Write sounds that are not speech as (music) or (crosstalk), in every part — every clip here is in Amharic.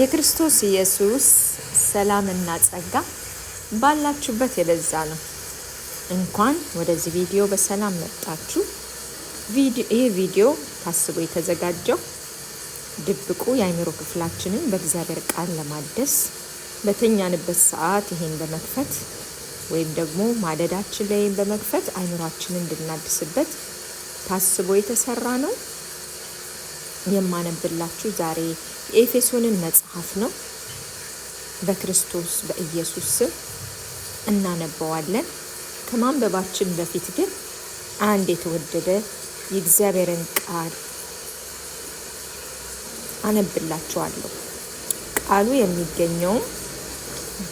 የክርስቶስ ኢየሱስ ሰላምና ጸጋ ባላችሁበት የበዛ ነው። እንኳን ወደዚህ ቪዲዮ በሰላም መጣችሁ። ይህ ቪዲዮ ታስቦ የተዘጋጀው ድብቁ የአይምሮ ክፍላችንን በእግዚአብሔር ቃል ለማደስ በተኛንበት ሰዓት ይሄን በመክፈት ወይም ደግሞ ማደዳችን ላይ በመክፈት አእምሯችንን እንድናድስበት ታስቦ የተሰራ ነው። የማነብላችሁ ዛሬ የኤፌሶንን መጽሐፍ ነው። በክርስቶስ በኢየሱስ ስም እናነበዋለን። ከማንበባችን በፊት ግን አንድ የተወደደ የእግዚአብሔርን ቃል አነብላችኋለሁ። ቃሉ የሚገኘው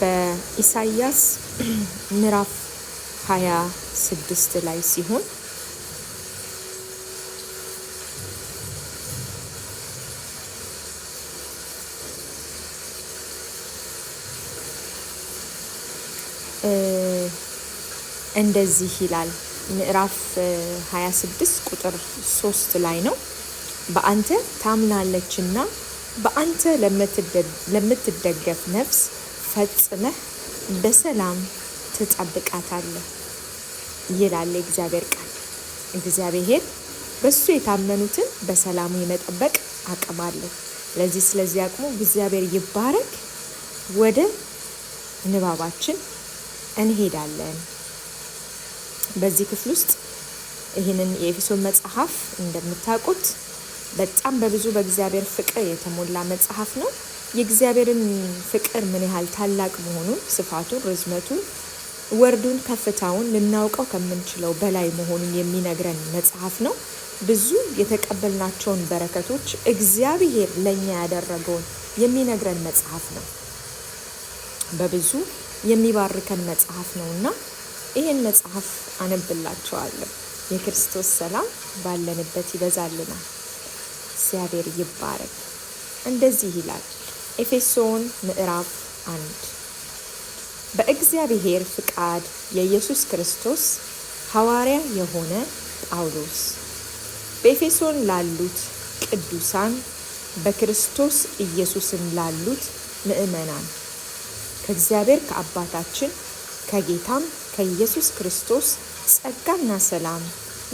በኢሳይያስ (clears throat) ምዕራፍ 26 ላይ ሲሆን እንደዚህ ይላል ምዕራፍ 26 ቁጥር 3 ላይ ነው። በአንተ ታምናለችና በአንተ ለምትደገፍ ነፍስ ፈጽመህ በሰላም ትጠብቃታለህ ይላል የእግዚአብሔር ቃል። እግዚአብሔር በእሱ የታመኑትን በሰላሙ የመጠበቅ አቅም አለው። ለዚህ ስለዚህ አቅሙ እግዚአብሔር ይባረክ። ወደ ንባባችን እንሄዳለን። በዚህ ክፍል ውስጥ ይህንን የኤፌሶን መጽሐፍ እንደምታውቁት በጣም በብዙ በእግዚአብሔር ፍቅር የተሞላ መጽሐፍ ነው። የእግዚአብሔርን ፍቅር ምን ያህል ታላቅ መሆኑን፣ ስፋቱን፣ ርዝመቱን፣ ወርዱን፣ ከፍታውን ልናውቀው ከምንችለው በላይ መሆኑን የሚነግረን መጽሐፍ ነው። ብዙ የተቀበልናቸውን በረከቶች እግዚአብሔር ለእኛ ያደረገውን የሚነግረን መጽሐፍ ነው። በብዙ የሚባርከን መጽሐፍ ነው እና ይህን መጽሐፍ አነብላችኋለሁ። የክርስቶስ ሰላም ባለንበት ይበዛልናል። እግዚአብሔር ይባረክ። እንደዚህ ይላል ኤፌሶን ምዕራፍ አንድ በእግዚአብሔር ፍቃድ የኢየሱስ ክርስቶስ ሐዋርያ የሆነ ጳውሎስ በኤፌሶን ላሉት ቅዱሳን በክርስቶስ ኢየሱስም ላሉት ምዕመናን ከእግዚአብሔር ከአባታችን ከጌታም ከኢየሱስ ክርስቶስ ጸጋና ሰላም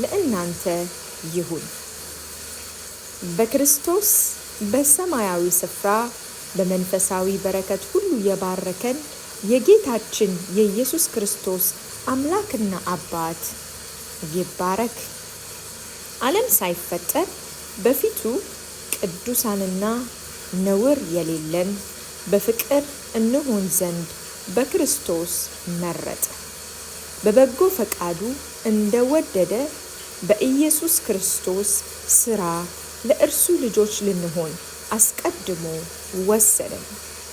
ለእናንተ ይሁን። በክርስቶስ በሰማያዊ ስፍራ በመንፈሳዊ በረከት ሁሉ የባረከን የጌታችን የኢየሱስ ክርስቶስ አምላክና አባት ይባረክ። ዓለም ሳይፈጠር በፊቱ ቅዱሳንና ነውር የሌለን በፍቅር እንሆን ዘንድ በክርስቶስ መረጠ። በበጎ ፈቃዱ እንደወደደ በኢየሱስ ክርስቶስ ስራ ለእርሱ ልጆች ልንሆን አስቀድሞ ወሰነን።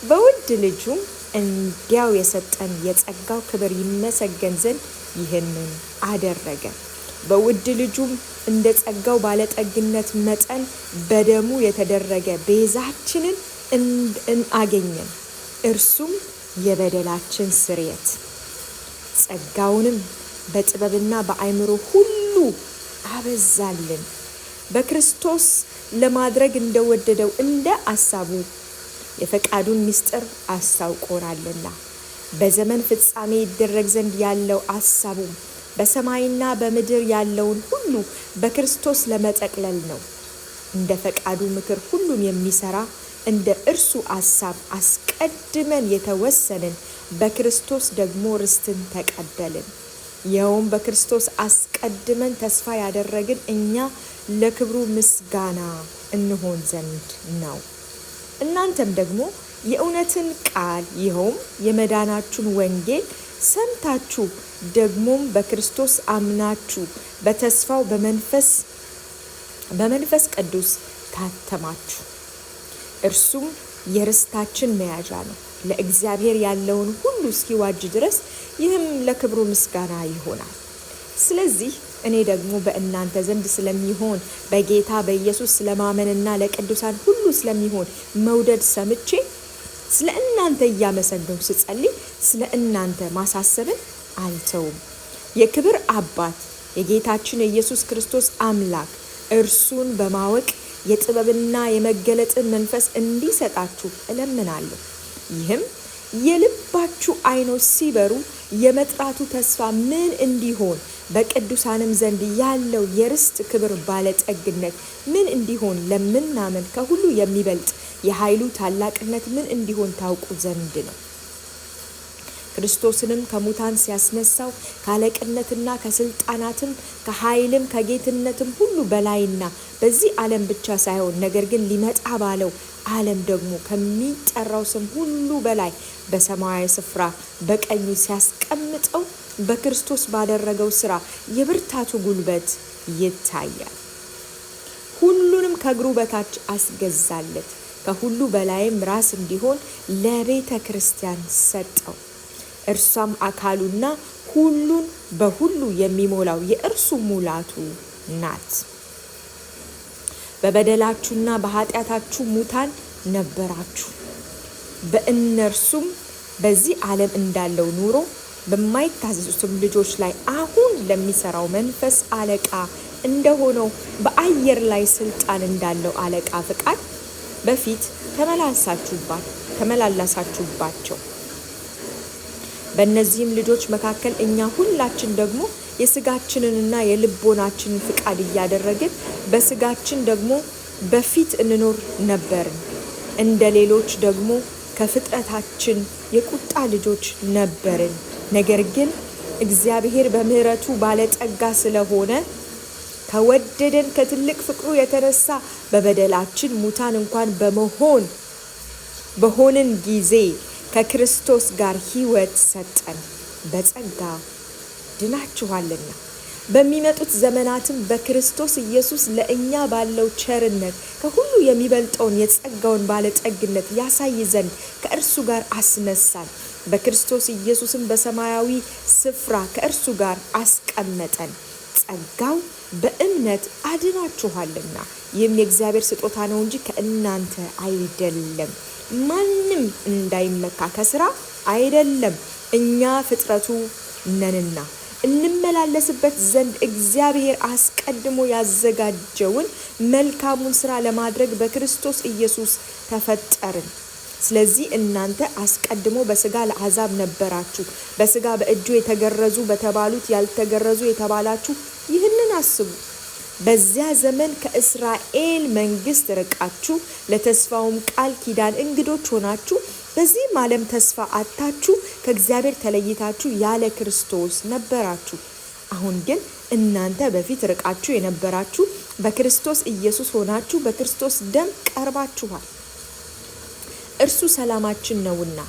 በውድ ልጁም እንዲያው የሰጠን የጸጋው ክብር ይመሰገን ዘንድ ይህንን አደረገ። በውድ ልጁም እንደ ጸጋው ባለጠግነት መጠን በደሙ የተደረገ ቤዛችንን አገኘን። እርሱም የበደላችን ስርየት ጸጋውንም በጥበብና በአእምሮ ሁሉ አበዛልን በክርስቶስ ለማድረግ እንደወደደው እንደ አሳቡ የፈቃዱን ምስጢር አስታውቆናልና በዘመን ፍጻሜ ይደረግ ዘንድ ያለው አሳቡም በሰማይና በምድር ያለውን ሁሉ በክርስቶስ ለመጠቅለል ነው። እንደ ፈቃዱ ምክር ሁሉን የሚሰራ እንደ እርሱ አሳብ አስቀድመን የተወሰንን በክርስቶስ ደግሞ ርስትን ተቀበልን። ይኸውም በክርስቶስ አስቀድመን ተስፋ ያደረግን እኛ ለክብሩ ምስጋና እንሆን ዘንድ ነው። እናንተም ደግሞ የእውነትን ቃል ይኸውም የመዳናችሁን ወንጌል ሰምታችሁ ደግሞም በክርስቶስ አምናችሁ በተስፋው በመንፈስ በመንፈስ ቅዱስ ታተማችሁ። እርሱም የርስታችን መያዣ ነው። ለእግዚአብሔር ያለውን ሁሉ እስኪዋጅ ድረስ ይህም ለክብሩ ምስጋና ይሆናል። ስለዚህ እኔ ደግሞ በእናንተ ዘንድ ስለሚሆን በጌታ በኢየሱስ ስለማመንና ለቅዱሳን ሁሉ ስለሚሆን መውደድ ሰምቼ ስለ እናንተ እያመሰገንኩ ስጸልይ ስለ እናንተ ማሳሰብን አልተውም። የክብር አባት የጌታችን የኢየሱስ ክርስቶስ አምላክ እርሱን በማወቅ የጥበብና የመገለጥን መንፈስ እንዲሰጣችሁ እለምናለሁ። ይህም የልባችሁ አይኖች ሲበሩ የመጥራቱ ተስፋ ምን እንዲሆን በቅዱሳንም ዘንድ ያለው የርስት ክብር ባለጠግነት ምን እንዲሆን ለምናምን ከሁሉ የሚበልጥ የኃይሉ ታላቅነት ምን እንዲሆን ታውቁ ዘንድ ነው። ክርስቶስንም ከሙታን ሲያስነሳው ከአለቅነትና ከስልጣናትም ከኃይልም ከጌትነትም ሁሉ በላይና በዚህ ዓለም ብቻ ሳይሆን ነገር ግን ሊመጣ ባለው ዓለም ደግሞ ከሚጠራው ስም ሁሉ በላይ በሰማያዊ ስፍራ በቀኙ ሲያስቀምጠው በክርስቶስ ባደረገው ስራ የብርታቱ ጉልበት ይታያል። ሁሉንም ከእግሩ በታች አስገዛለት፣ ከሁሉ በላይም ራስ እንዲሆን ለቤተ ክርስቲያን ሰጠው። እርሷም አካሉና ሁሉን በሁሉ የሚሞላው የእርሱ ሙላቱ ናት። በበደላችሁና በኃጢአታችሁ ሙታን ነበራችሁ። በእነርሱም በዚህ ዓለም እንዳለው ኑሮ በማይታዘዙትም ልጆች ላይ አሁን ለሚሰራው መንፈስ አለቃ እንደሆነው በአየር ላይ ስልጣን እንዳለው አለቃ ፍቃድ በፊት ተመላላሳችሁባቸው። በእነዚህም ልጆች መካከል እኛ ሁላችን ደግሞ የስጋችንንና የልቦናችንን ፍቃድ እያደረግን በስጋችን ደግሞ በፊት እንኖር ነበርን። እንደ ሌሎች ደግሞ ከፍጥረታችን የቁጣ ልጆች ነበርን። ነገር ግን እግዚአብሔር በምሕረቱ ባለጠጋ ስለሆነ ከወደደን ከትልቅ ፍቅሩ የተነሳ በበደላችን ሙታን እንኳን በመሆን በሆንን ጊዜ ከክርስቶስ ጋር ሕይወት ሰጠን። በጸጋ ድናችኋልና በሚመጡት ዘመናትም በክርስቶስ ኢየሱስ ለእኛ ባለው ቸርነት ከሁሉ የሚበልጠውን የጸጋውን ባለጠግነት ያሳይ ዘንድ ከእርሱ ጋር አስነሳን። በክርስቶስ ኢየሱስም በሰማያዊ ስፍራ ከእርሱ ጋር አስቀመጠን። ጸጋው በእምነት አድናችኋልና ይህም የእግዚአብሔር ስጦታ ነው እንጂ ከእናንተ አይደለም። ማንም እንዳይመካ ከስራ አይደለም እኛ ፍጥረቱ ነንና እንመላለስበት ዘንድ እግዚአብሔር አስቀድሞ ያዘጋጀውን መልካሙን ስራ ለማድረግ በክርስቶስ ኢየሱስ ተፈጠርን። ስለዚህ እናንተ አስቀድሞ በስጋ ለአሕዛብ ነበራችሁ፣ በስጋ በእጁ የተገረዙ በተባሉት ያልተገረዙ የተባላችሁ ይህንን አስቡ። በዚያ ዘመን ከእስራኤል መንግስት ርቃችሁ ለተስፋውም ቃል ኪዳን እንግዶች ሆናችሁ በዚህም ዓለም ተስፋ አታችሁ ከእግዚአብሔር ተለይታችሁ ያለ ክርስቶስ ነበራችሁ። አሁን ግን እናንተ በፊት ርቃችሁ የነበራችሁ በክርስቶስ ኢየሱስ ሆናችሁ በክርስቶስ ደም ቀርባችኋል። እርሱ ሰላማችን ነውና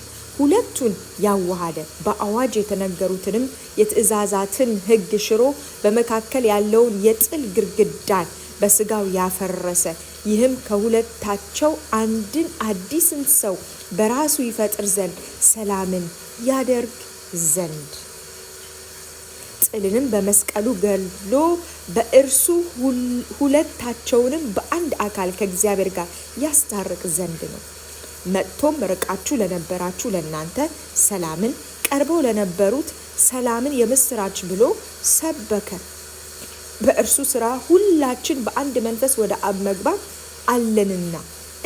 ሁለቱን ያዋሃደ በአዋጅ የተነገሩትንም የትእዛዛትን ሕግ ሽሮ በመካከል ያለውን የጥል ግርግዳን በስጋው ያፈረሰ ይህም ከሁለታቸው አንድን አዲስን ሰው በራሱ ይፈጥር ዘንድ ሰላምን ያደርግ ዘንድ ጥልንም በመስቀሉ ገሎ በእርሱ ሁለታቸውንም በአንድ አካል ከእግዚአብሔር ጋር ያስታርቅ ዘንድ ነው። መጥቶም ርቃችሁ ለነበራችሁ ለእናንተ ሰላምን፣ ቀርበው ለነበሩት ሰላምን የምስራች ብሎ ሰበከ። በእርሱ ስራ ሁላችን በአንድ መንፈስ ወደ አብ መግባት አለንና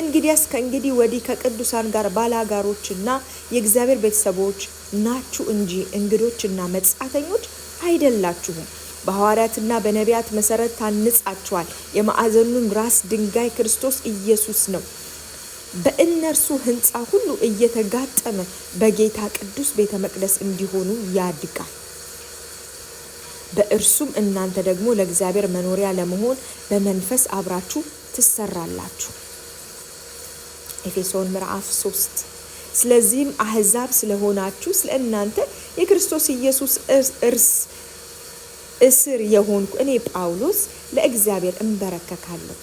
እንግዲያስ ከእንግዲህ ወዲህ ከቅዱሳን ጋር ባላጋሮችና የእግዚአብሔር ቤተሰቦች ናችሁ እንጂ እንግዶችና መጻተኞች አይደላችሁም። በሐዋርያትና በነቢያት መሰረት ታንጻችኋል። የማዕዘኑም ራስ ድንጋይ ክርስቶስ ኢየሱስ ነው። በእነርሱ ህንፃ ሁሉ እየተጋጠመ በጌታ ቅዱስ ቤተ መቅደስ እንዲሆኑ ያድጋል። በእርሱም እናንተ ደግሞ ለእግዚአብሔር መኖሪያ ለመሆን በመንፈስ አብራችሁ ትሰራላችሁ። ኤፌሶን ምዕራፍ 3 ስለዚህም አህዛብ ስለሆናችሁ ስለ እናንተ የክርስቶስ ኢየሱስ እርስ እስር የሆንኩ እኔ ጳውሎስ ለእግዚአብሔር እንበረከካለሁ።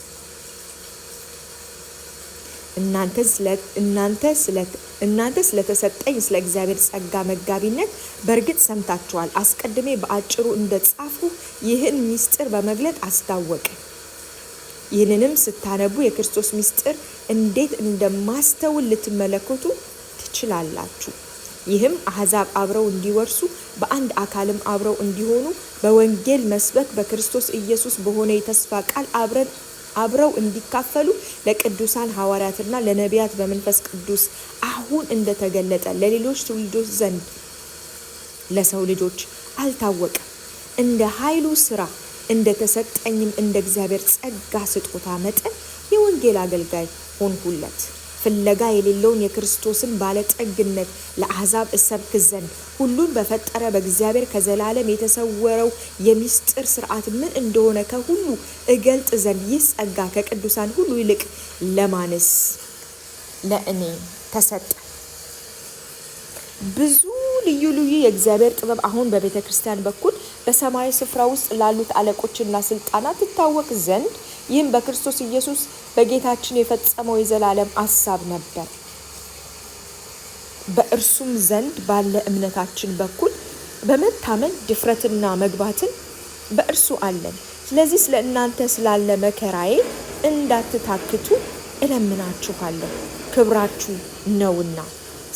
እናንተ ስለተሰጠኝ ስለ እግዚአብሔር ጸጋ መጋቢነት በእርግጥ ሰምታችኋል። አስቀድሜ በአጭሩ እንደ ጻፉ ይህን ምስጢር በመግለጥ አስታወቀ። ይህንንም ስታነቡ የክርስቶስ ምስጢር እንዴት እንደማስተውል ልትመለከቱ ትችላላችሁ። ይህም አሕዛብ አብረው እንዲወርሱ በአንድ አካልም አብረው እንዲሆኑ በወንጌል መስበክ በክርስቶስ ኢየሱስ በሆነ የተስፋ ቃል አብረን አብረው እንዲካፈሉ ለቅዱሳን ሐዋርያትና ለነቢያት በመንፈስ ቅዱስ አሁን እንደተገለጠ ለሌሎች ትውልዶች ዘንድ ለሰው ልጆች አልታወቀም። እንደ ኃይሉ ስራ እንደተሰጠኝም እንደ እግዚአብሔር ጸጋ ስጦታ መጠን የወንጌል አገልጋይ ሆንሁለት። ፍለጋ የሌለውን የክርስቶስን ባለጠግነት ለአሕዛብ እሰብክ ዘንድ ሁሉን በፈጠረ በእግዚአብሔር ከዘላለም የተሰወረው የሚስጥር ስርዓት ምን እንደሆነ ከሁሉ እገልጥ ዘንድ ይህ ጸጋ ከቅዱሳን ሁሉ ይልቅ ለማንስ ለእኔ ተሰጠ። ብዙ ልዩ ልዩ የእግዚአብሔር ጥበብ አሁን በቤተ ክርስቲያን በኩል በሰማያዊ ስፍራ ውስጥ ላሉት አለቆችና ስልጣናት ትታወቅ ዘንድ ይህም በክርስቶስ ኢየሱስ በጌታችን የፈጸመው የዘላለም አሳብ ነበር። በእርሱም ዘንድ ባለ እምነታችን በኩል በመታመን ድፍረትና መግባትን በእርሱ አለን። ስለዚህ ስለ እናንተ ስላለ መከራዬ እንዳትታክቱ እለምናችኋለሁ፣ ክብራችሁ ነውና።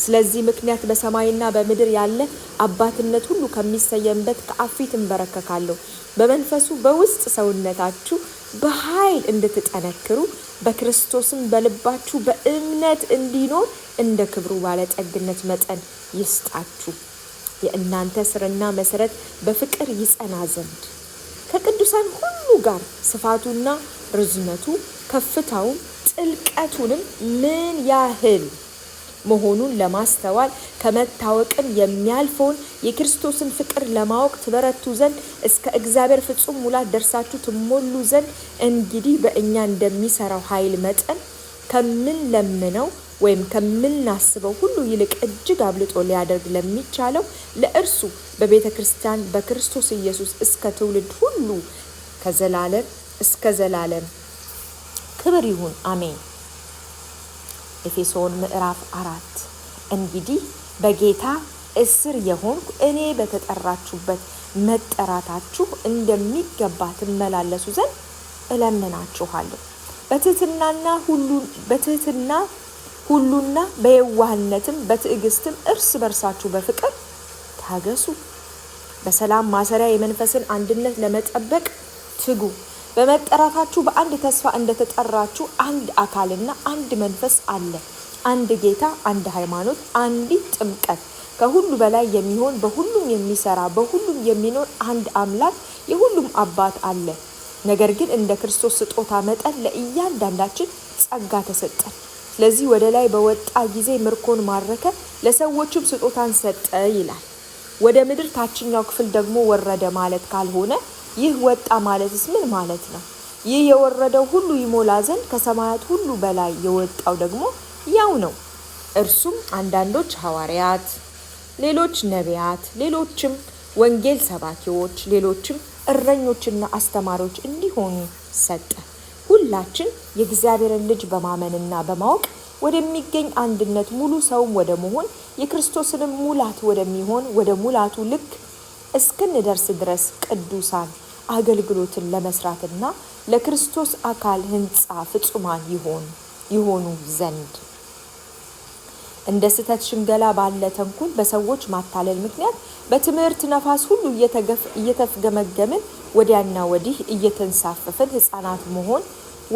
ስለዚህ ምክንያት በሰማይና በምድር ያለ አባትነት ሁሉ ከሚሰየምበት ከአብ ፊት እንበረከካለሁ። በመንፈሱ በውስጥ ሰውነታችሁ በኃይል እንድትጠነክሩ በክርስቶስም በልባችሁ በእምነት እንዲኖር እንደ ክብሩ ባለጠግነት መጠን ይስጣችሁ። የእናንተ ስርና መሰረት በፍቅር ይጸና ዘንድ ከቅዱሳን ሁሉ ጋር ስፋቱና ርዝመቱ ከፍታውም ጥልቀቱንም ምን ያህል መሆኑን ለማስተዋል ከመታወቅም የሚያልፈውን የክርስቶስን ፍቅር ለማወቅ ትበረቱ ዘንድ እስከ እግዚአብሔር ፍጹም ሙላት ደርሳችሁ ትሞሉ ዘንድ እንግዲህ በእኛ እንደሚሰራው ኃይል መጠን ከምንለምነው ወይም ከምናስበው ሁሉ ይልቅ እጅግ አብልጦ ሊያደርግ ለሚቻለው ለእርሱ በቤተ ክርስቲያን በክርስቶስ ኢየሱስ እስከ ትውልድ ሁሉ ከዘላለም እስከ ዘላለም ክብር ይሁን፣ አሜን። ኤፌሶን ምዕራፍ አራት እንግዲህ በጌታ እስር የሆንኩ እኔ በተጠራችሁበት መጠራታችሁ እንደሚገባ ትመላለሱ ዘንድ እለምናችኋለሁ። በትህትናና ሁሉን በትህትና ሁሉና በየዋህነትም በትዕግስትም እርስ በርሳችሁ በፍቅር ታገሱ። በሰላም ማሰሪያ የመንፈስን አንድነት ለመጠበቅ ትጉ። በመጠራታችሁ በአንድ ተስፋ እንደተጠራችሁ አንድ አካልና አንድ መንፈስ አለ፣ አንድ ጌታ፣ አንድ ሃይማኖት፣ አንዲት ጥምቀት፣ ከሁሉ በላይ የሚሆን በሁሉም የሚሰራ በሁሉም የሚኖር አንድ አምላክ የሁሉም አባት አለ። ነገር ግን እንደ ክርስቶስ ስጦታ መጠን ለእያንዳንዳችን ጸጋ ተሰጠን። ስለዚህ ወደ ላይ በወጣ ጊዜ ምርኮን ማረከ፣ ለሰዎችም ስጦታን ሰጠ ይላል። ወደ ምድር ታችኛው ክፍል ደግሞ ወረደ ማለት ካልሆነ ይህ ወጣ ማለትስ ምን ማለት ነው? ይህ የወረደው ሁሉ ይሞላ ዘንድ ከሰማያት ሁሉ በላይ የወጣው ደግሞ ያው ነው። እርሱም አንዳንዶች ሐዋርያት፣ ሌሎች ነቢያት፣ ሌሎችም ወንጌል ሰባኪዎች፣ ሌሎችም እረኞችና አስተማሪዎች እንዲሆኑ ሰጠ። ሁላችን የእግዚአብሔርን ልጅ በማመንና በማወቅ ወደሚገኝ አንድነት ሙሉ ሰውም ወደ መሆን የክርስቶስንም ሙላት ወደሚሆን ወደ ሙላቱ ልክ እስክንደርስ ድረስ ቅዱሳን አገልግሎትን ለመስራትና ለክርስቶስ አካል ህንፃ ፍጹማን ይሆን ይሆኑ ዘንድ እንደ ስህተት ሽንገላ ባለ ተንኩል በሰዎች ማታለል ምክንያት በትምህርት ነፋስ ሁሉ እየተፍገመገምን ወዲያና ወዲህ እየተንሳፈፍን ህፃናት መሆን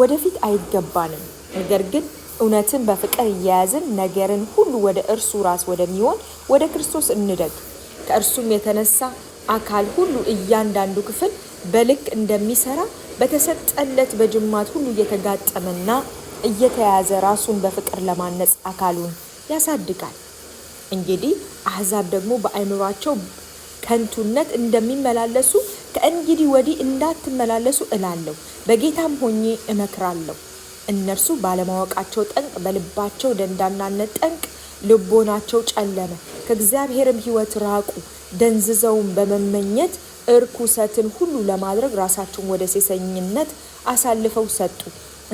ወደፊት አይገባንም። ነገር ግን እውነትን በፍቅር እየያዝን ነገርን ሁሉ ወደ እርሱ ራስ ወደሚሆን ወደ ክርስቶስ እንደግ። ከእርሱም የተነሳ አካል ሁሉ እያንዳንዱ ክፍል በልክ እንደሚሰራ በተሰጠለት በጅማት ሁሉ እየተጋጠመና እየተያዘ ራሱን በፍቅር ለማነጽ አካሉን ያሳድጋል። እንግዲህ አህዛብ ደግሞ በአይምሯቸው ከንቱነት እንደሚመላለሱ ከእንግዲህ ወዲህ እንዳትመላለሱ እላለሁ፣ በጌታም ሆኜ እመክራለሁ። እነርሱ ባለማወቃቸው ጠንቅ፣ በልባቸው ደንዳናነት ጠንቅ ልቦናቸው ጨለመ፣ ከእግዚአብሔርም ሕይወት ራቁ፣ ደንዝዘውን በመመኘት እርኩሰትን ሁሉ ለማድረግ ራሳቸውን ወደ ሴሰኝነት አሳልፈው ሰጡ።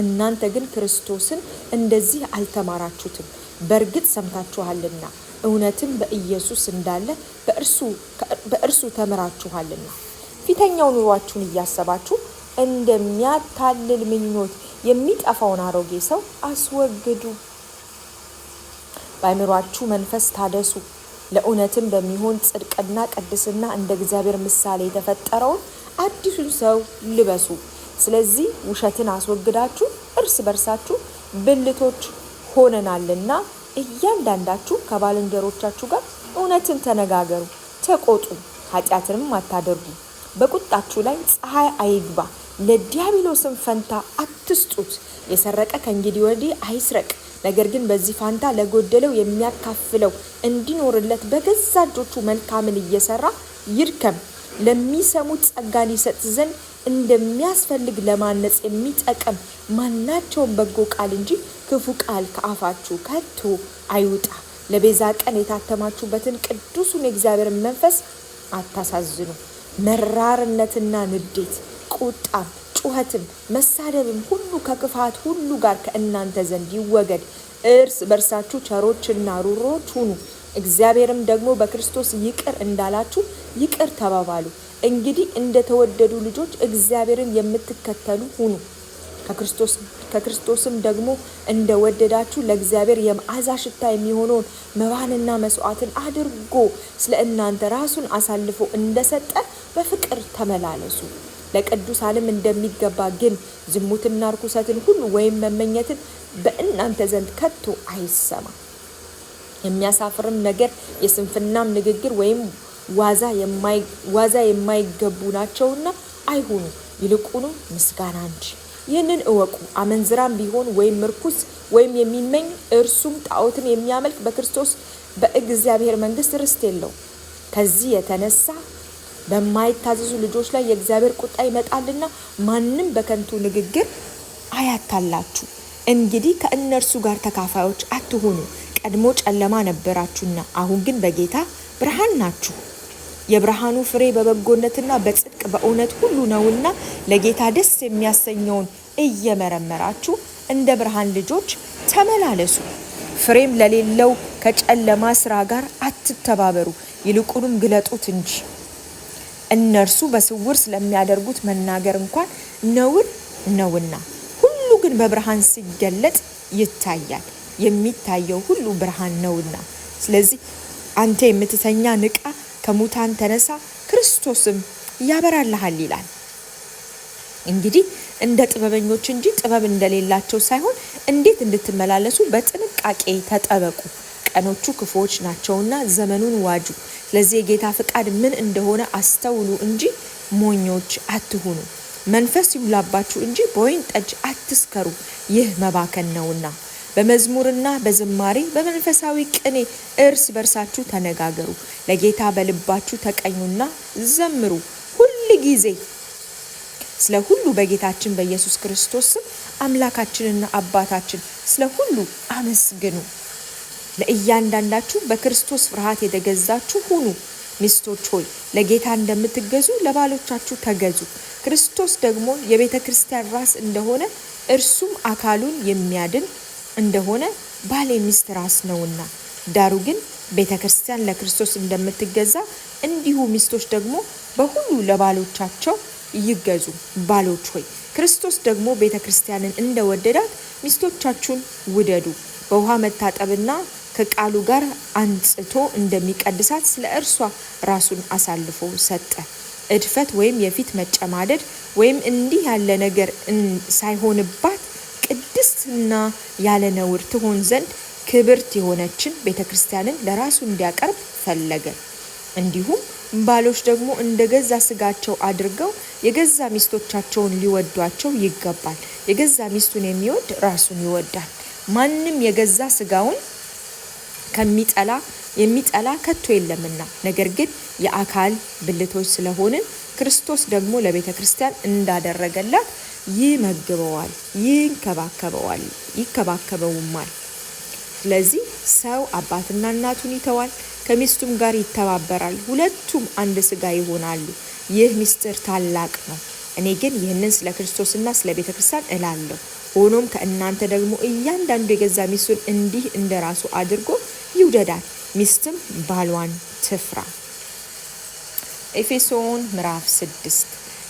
እናንተ ግን ክርስቶስን እንደዚህ አልተማራችሁትም፣ በእርግጥ ሰምታችኋልና እውነትም በኢየሱስ እንዳለ በእርሱ ተምራችኋልና። ፊተኛው ኑሯችሁን እያሰባችሁ እንደሚያታልል ምኞት የሚጠፋውን አሮጌ ሰው አስወግዱ፣ በአእምሯችሁ መንፈስ ታደሱ ለእውነትም በሚሆን ጽድቅና ቅድስና እንደ እግዚአብሔር ምሳሌ የተፈጠረውን አዲሱን ሰው ልበሱ። ስለዚህ ውሸትን አስወግዳችሁ እርስ በርሳችሁ ብልቶች ሆነናልና እያንዳንዳችሁ ከባልንጀሮቻችሁ ጋር እውነትን ተነጋገሩ፣ ተቆጡ፣ ኃጢአትንም አታደርጉ። በቁጣችሁ ላይ ፀሐይ አይግባ፣ ለዲያብሎስም ፈንታ አትስጡት። የሰረቀ ከእንግዲህ ወዲህ አይስረቅ ነገር ግን በዚህ ፋንታ ለጎደለው የሚያካፍለው እንዲኖርለት በገዛ እጆቹ መልካምን እየሰራ ይርከም። ለሚሰሙት ጸጋን ይሰጥ ዘንድ እንደሚያስፈልግ ለማነጽ የሚጠቅም ማናቸውን በጎ ቃል እንጂ ክፉ ቃል ከአፋችሁ ከቶ አይውጣ። ለቤዛ ቀን የታተማችሁበትን ቅዱሱን የእግዚአብሔርን መንፈስ አታሳዝኑ። መራርነትና ንዴት፣ ቁጣም ጩኸትም መሳደብም ሁሉ ከክፋት ሁሉ ጋር ከእናንተ ዘንድ ይወገድ። እርስ በርሳችሁ ቸሮችና ሩሮች ሁኑ፣ እግዚአብሔርም ደግሞ በክርስቶስ ይቅር እንዳላችሁ ይቅር ተባባሉ። እንግዲህ እንደተወደዱ ልጆች እግዚአብሔርን የምትከተሉ ሁኑ፣ ከክርስቶስም ደግሞ እንደወደዳችሁ ለእግዚአብሔር የመዓዛ ሽታ የሚሆነውን መባንና መስዋዕትን አድርጎ ስለ እናንተ ራሱን አሳልፎ እንደሰጠ በፍቅር ተመላለሱ። ለቅዱሳንም እንደሚገባ ግን ዝሙትና ርኩሰትን ሁሉ ወይም መመኘትን በእናንተ ዘንድ ከቶ አይሰማ። የሚያሳፍርም ነገር የስንፍናም ንግግር ወይም ዋዛ የማይገቡ ናቸውና አይሁኑ፣ ይልቁኑ ምስጋና እንጂ። ይህንን እወቁ፣ አመንዝራም ቢሆን ወይም ርኩስ ወይም የሚመኝ እርሱም ጣዖትን የሚያመልክ በክርስቶስ በእግዚአብሔር መንግስት ርስት የለው። ከዚህ የተነሳ በማይታዘዙ ልጆች ላይ የእግዚአብሔር ቁጣ ይመጣልና ማንም በከንቱ ንግግር አያታላችሁ። እንግዲህ ከእነርሱ ጋር ተካፋዮች አትሆኑ። ቀድሞ ጨለማ ነበራችሁና አሁን ግን በጌታ ብርሃን ናችሁ። የብርሃኑ ፍሬ በበጎነትና በጽድቅ በእውነት ሁሉ ነውና ለጌታ ደስ የሚያሰኘውን እየመረመራችሁ እንደ ብርሃን ልጆች ተመላለሱ። ፍሬም ለሌለው ከጨለማ ስራ ጋር አትተባበሩ፣ ይልቁንም ግለጡት እንጂ እነርሱ በስውር ስለሚያደርጉት መናገር እንኳን ነውር ነውና፣ ሁሉ ግን በብርሃን ሲገለጥ ይታያል። የሚታየው ሁሉ ብርሃን ነውና፣ ስለዚህ አንተ የምትተኛ ንቃ፣ ከሙታን ተነሳ፣ ክርስቶስም ያበራልሃል ይላል። እንግዲህ እንደ ጥበበኞች እንጂ ጥበብ እንደሌላቸው ሳይሆን እንዴት እንድትመላለሱ በጥንቃቄ ተጠበቁ። ቀኖቹ ክፉዎች ናቸውና ዘመኑን ዋጁ። ስለዚህ የጌታ ፍቃድ ምን እንደሆነ አስተውሉ እንጂ ሞኞች አትሁኑ። መንፈስ ይሙላባችሁ እንጂ በወይን ጠጅ አትስከሩ፣ ይህ መባከን ነውና። በመዝሙርና በዝማሬ በመንፈሳዊ ቅኔ እርስ በርሳችሁ ተነጋገሩ፣ ለጌታ በልባችሁ ተቀኙና ዘምሩ። ሁል ጊዜ ስለ ሁሉ በጌታችን በኢየሱስ ክርስቶስ ስም አምላካችንና አባታችን ስለ ሁሉ አመስግኑ። ለእያንዳንዳችሁ በክርስቶስ ፍርሃት የተገዛችሁ ሁኑ። ሚስቶች ሆይ ለጌታ እንደምትገዙ ለባሎቻችሁ ተገዙ። ክርስቶስ ደግሞ የቤተ ክርስቲያን ራስ እንደሆነ እርሱም አካሉን የሚያድን እንደሆነ ባል የሚስት ራስ ነውና። ዳሩ ግን ቤተ ክርስቲያን ለክርስቶስ እንደምትገዛ እንዲሁ ሚስቶች ደግሞ በሁሉ ለባሎቻቸው ይገዙ። ባሎች ሆይ ክርስቶስ ደግሞ ቤተ ክርስቲያንን እንደወደዳት ሚስቶቻችሁን ውደዱ። በውሃ መታጠብና ከቃሉ ጋር አንጽቶ እንደሚቀድሳት ስለ እርሷ ራሱን አሳልፎ ሰጠ። እድፈት ወይም የፊት መጨማደድ ወይም እንዲህ ያለ ነገር ሳይሆንባት ቅድስትና ያለ ነውር ትሆን ዘንድ ክብርት የሆነችን ቤተ ክርስቲያንን ለራሱ እንዲያቀርብ ፈለገ። እንዲሁም ባሎች ደግሞ እንደ ገዛ ስጋቸው አድርገው የገዛ ሚስቶቻቸውን ሊወዷቸው ይገባል። የገዛ ሚስቱን የሚወድ ራሱን ይወዳል። ማንም የገዛ ስጋውን ከሚጠላ የሚጠላ ከቶ የለምና። ነገር ግን የአካል ብልቶች ስለሆንን ክርስቶስ ደግሞ ለቤተ ክርስቲያን እንዳደረገላት ይመግበዋል፣ ይንከባከበዋል፣ ይከባከበውማል። ስለዚህ ሰው አባትና እናቱን ይተዋል፣ ከሚስቱም ጋር ይተባበራል፣ ሁለቱም አንድ ስጋ ይሆናሉ። ይህ ምስጢር ታላቅ ነው። እኔ ግን ይህንን ስለ ክርስቶስና ስለ ቤተ ክርስቲያን እላለሁ። ሆኖም ከእናንተ ደግሞ እያንዳንዱ የገዛ ሚስቱን እንዲህ እንደ ራሱ አድርጎ ይውደዳት፣ ሚስትም ባሏን ትፍራ። ኤፌሶን ምዕራፍ 6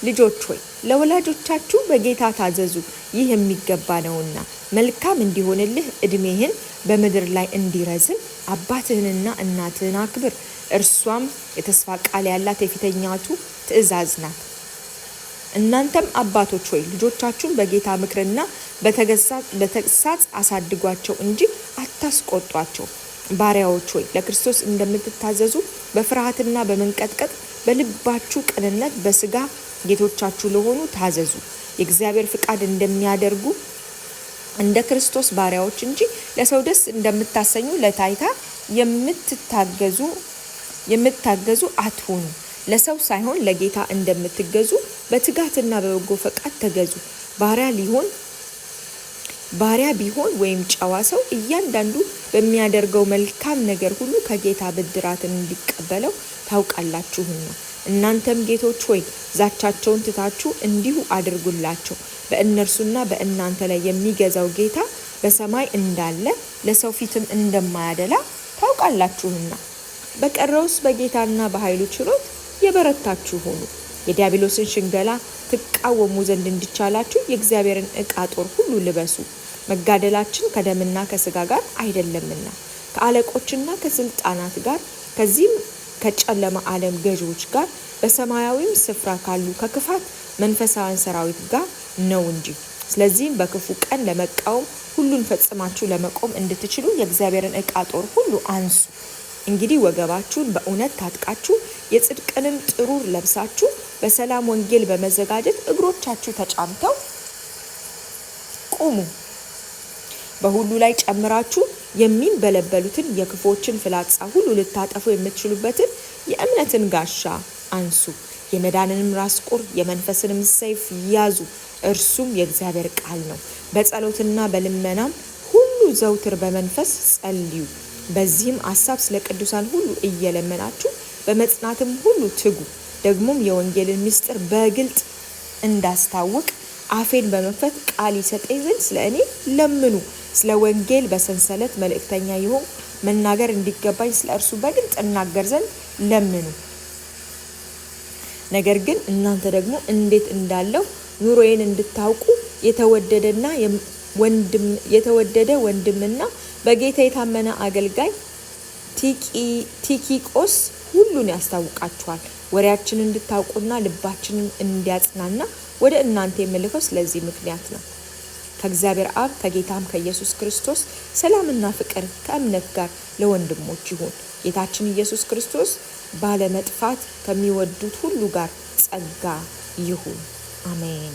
ልጆች ሆይ ለወላጆቻችሁ በጌታ ታዘዙ፣ ይህ የሚገባ ነውና። መልካም እንዲሆንልህ እድሜህን በምድር ላይ እንዲረዝም አባትህንና እናትህን አክብር። እርሷም የተስፋ ቃል ያላት የፊተኛቱ ትእዛዝ ናት። እናንተም አባቶች ሆይ ልጆቻችሁን በጌታ ምክርና በተግሳጽ አሳድጓቸው እንጂ አታስቆጧቸው። ባሪያዎች ሆይ ለክርስቶስ እንደምትታዘዙ በፍርሃትና በመንቀጥቀጥ በልባችሁ ቅንነት በስጋ ጌቶቻችሁ ለሆኑ ታዘዙ። የእግዚአብሔር ፍቃድ እንደሚያደርጉ እንደ ክርስቶስ ባሪያዎች እንጂ ለሰው ደስ እንደምታሰኙ ለታይታ የምትታገዙ የምታገዙ አትሆኑ። ለሰው ሳይሆን ለጌታ እንደምትገዙ በትጋትና በበጎ ፈቃድ ተገዙ። ባሪያ ሊሆን ባሪያ ቢሆን ወይም ጨዋ ሰው እያንዳንዱ በሚያደርገው መልካም ነገር ሁሉ ከጌታ ብድራትን እንዲቀበለው ታውቃላችሁና። እናንተም ጌቶች ሆይ ዛቻቸውን ትታችሁ እንዲሁ አድርጉላቸው፣ በእነርሱና በእናንተ ላይ የሚገዛው ጌታ በሰማይ እንዳለ ለሰው ፊትም እንደማያደላ ታውቃላችሁና። በቀረውስ በጌታና በኃይሉ ችሎት የበረታችሁ ሆኑ። የዲያብሎስን ሽንገላ ትቃወሙ ዘንድ እንዲቻላችሁ የእግዚአብሔርን ዕቃ ጦር ሁሉ ልበሱ። መጋደላችን ከደምና ከስጋ ጋር አይደለምና ከአለቆችና ከስልጣናት ጋር ከዚህም ከጨለማ ዓለም ገዢዎች ጋር በሰማያዊም ስፍራ ካሉ ከክፋት መንፈሳውያን ሰራዊት ጋር ነው እንጂ። ስለዚህም በክፉ ቀን ለመቃወም ሁሉን ፈጽማችሁ ለመቆም እንድትችሉ የእግዚአብሔርን ዕቃ ጦር ሁሉ አንሱ። እንግዲህ ወገባችሁን በእውነት ታጥቃችሁ የጽድቅንም ጥሩር ለብሳችሁ በሰላም ወንጌል በመዘጋጀት እግሮቻችሁ ተጫምተው ቁሙ። በሁሉ ላይ ጨምራችሁ የሚንበለበሉትን የክፎችን ፍላጻ ሁሉ ልታጠፉ የምትችሉበትን የእምነትን ጋሻ አንሱ፣ የመዳንንም ራስ ቁር፣ የመንፈስንም ሰይፍ ያዙ፣ እርሱም የእግዚአብሔር ቃል ነው። በጸሎትና በልመናም ሁሉ ዘውትር በመንፈስ ጸልዩ። በዚህም አሳብ ስለ ቅዱሳን ሁሉ እየለመናችሁ በመጽናትም ሁሉ ትጉ። ደግሞም የወንጌልን ምስጢር በግልጥ እንዳስታውቅ አፌን በመክፈት ቃል ይሰጠኝ ዘንድ ስለ እኔ ለምኑ። ስለ ወንጌል በሰንሰለት መልእክተኛ ይሆን መናገር እንዲገባኝ ስለ እርሱ በግልጽ እናገር ዘንድ ለምኑ። ነገር ግን እናንተ ደግሞ እንዴት እንዳለው ኑሮዬን እንድታውቁ የተወደደና የተወደደ ወንድምና በጌታ የታመነ አገልጋይ ቲኪቆስ ሁሉን ያስታውቃችኋል። ወሬያችንን እንድታውቁና ልባችንን እንዲያጽናና ወደ እናንተ የምልከው ስለዚህ ምክንያት ነው። ከእግዚአብሔር አብ ከጌታም ከኢየሱስ ክርስቶስ ሰላምና ፍቅር ከእምነት ጋር ለወንድሞች ይሁን። ጌታችን ኢየሱስ ክርስቶስ ባለመጥፋት ከሚወዱት ሁሉ ጋር ጸጋ ይሁን። አሜን።